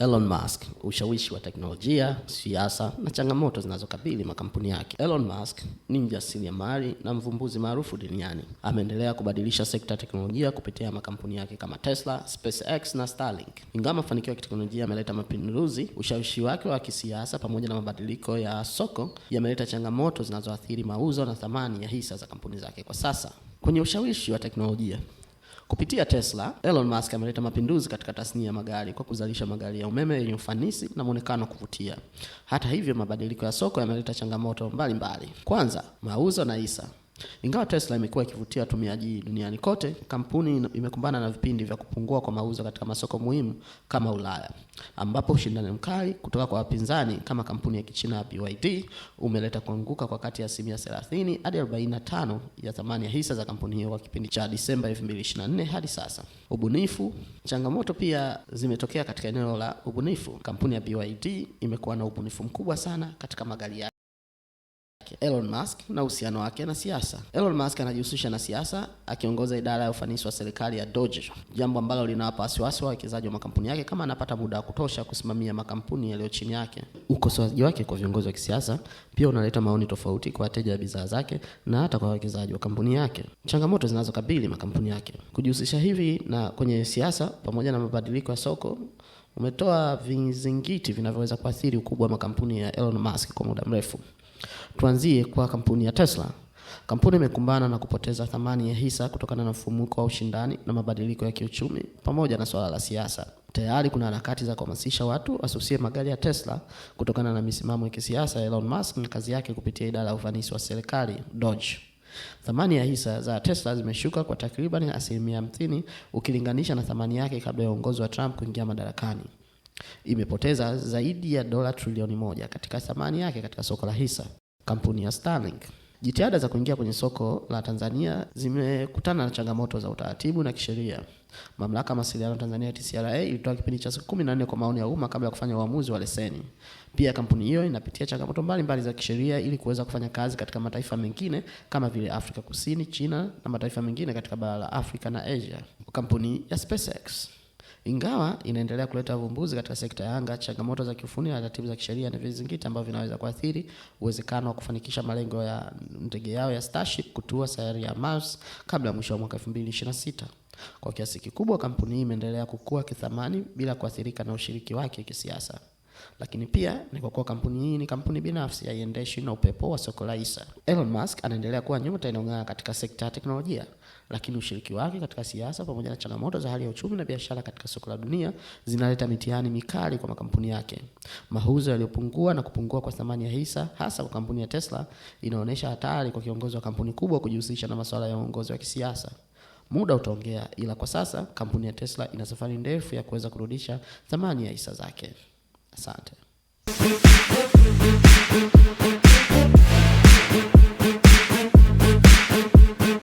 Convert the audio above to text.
Elon Musk, ushawishi wa teknolojia, siasa na changamoto zinazokabili makampuni yake. Elon Musk ni mjasiriamali na mvumbuzi maarufu duniani. Ameendelea kubadilisha sekta ya teknolojia kupitia makampuni yake kama Tesla, SpaceX na Starlink. Ingawa mafanikio ya kiteknolojia yameleta mapinduzi, ushawishi wake wa kisiasa pamoja na mabadiliko ya soko yameleta changamoto zinazoathiri mauzo na thamani ya hisa za kampuni zake kwa sasa. Kwenye ushawishi wa teknolojia Kupitia Tesla, Elon Musk ameleta mapinduzi katika tasnia ya magari kwa kuzalisha magari ya umeme yenye ufanisi na muonekano kuvutia. Hata hivyo, mabadiliko ya soko yameleta changamoto mbalimbali mbali. Kwanza, mauzo na isa ingawa Tesla imekuwa ikivutia watumiaji duniani kote, kampuni imekumbana na vipindi vya kupungua kwa mauzo katika masoko muhimu kama Ulaya, ambapo ushindani mkali kutoka kwa wapinzani kama kampuni ya Kichina ya BYD umeleta kuanguka kwa kati ya asilimia 30 hadi 45 ya thamani ya hisa za kampuni hiyo kwa kipindi cha Disemba 2024 hadi sasa. Ubunifu. Changamoto pia zimetokea katika eneo la ubunifu. Kampuni ya BYD imekuwa na ubunifu mkubwa sana katika magari yake. Elon Musk na uhusiano wake na siasa. Elon Musk anajihusisha na siasa akiongoza idara ya ufanisi wa serikali ya Doge, jambo ambalo linawapa wasiwasi wawekezaji wa makampuni yake kama anapata muda wa kutosha kusimamia makampuni yaliyo chini yake. Ukosoaji wake kwa viongozi wa kisiasa pia unaleta maoni tofauti kwa wateja wa bidhaa zake na hata kwa wawekezaji wa kampuni yake. Changamoto zinazokabili makampuni yake kujihusisha hivi na kwenye siasa pamoja na mabadiliko ya soko umetoa vizingiti vinavyoweza kuathiri ukubwa wa makampuni ya Elon Musk kwa muda mrefu. Tuanzie kwa kampuni ya Tesla. Kampuni imekumbana na kupoteza thamani ya hisa kutokana na mfumuko wa ushindani na mabadiliko ya kiuchumi pamoja na suala la siasa. Tayari kuna harakati za kuhamasisha watu wasusie magari ya Tesla kutokana na misimamo ya kisiasa ya Elon Musk na kazi yake kupitia idara ya ufanisi wa serikali Dodge. Thamani ya hisa za Tesla zimeshuka kwa takriban asilimia hamsini ukilinganisha na thamani yake kabla ya uongozi wa Trump kuingia madarakani imepoteza zaidi ya dola trilioni moja katika thamani yake katika soko la hisa. Kampuni ya Starlink Jitihada za kuingia kwenye soko la Tanzania zimekutana na changamoto za utaratibu na kisheria. Mamlaka ya mawasiliano Tanzania TCRA ilitoa kipindi cha siku kumi na nne kwa maoni ya umma kabla ya kufanya uamuzi wa leseni. Pia kampuni hiyo inapitia changamoto mbalimbali za kisheria ili kuweza kufanya kazi katika mataifa mengine kama vile Afrika Kusini, China na mataifa mengine katika bara la Afrika na Asia. Kampuni ya SpaceX ingawa inaendelea kuleta vumbuzi katika sekta ya anga, changamoto za kiufundi na taratibu za kisheria na vizingiti ambavyo vinaweza kuathiri uwezekano wa kufanikisha malengo ya ndege yao ya Starship kutua sayari ya Mars kabla ya mwisho wa mwaka 2026. Kwa kiasi kikubwa, kampuni hii imeendelea kukua kithamani bila kuathirika na ushiriki wake kisiasa. Lakini pia ni kwa kuwa kampuni hii ni kampuni binafsi, haiendeshwi na upepo wa soko la hisa. Elon Musk anaendelea kuwa nyota inayong'aa katika sekta ya teknolojia, lakini ushiriki wake katika siasa pamoja na changamoto za hali ya uchumi na biashara katika soko la dunia zinaleta mitihani mikali kwa makampuni yake. Mauzo yaliyopungua na kupungua kwa thamani ya hisa, hasa kwa kampuni ya Tesla, inaonyesha hatari kwa kiongozi wa kampuni kubwa kujihusisha na masuala ya uongozi wa kisiasa. Muda utaongea, ila kwa sasa kampuni ya Tesla ina safari ndefu ya kuweza kurudisha thamani ya hisa zake. Asante.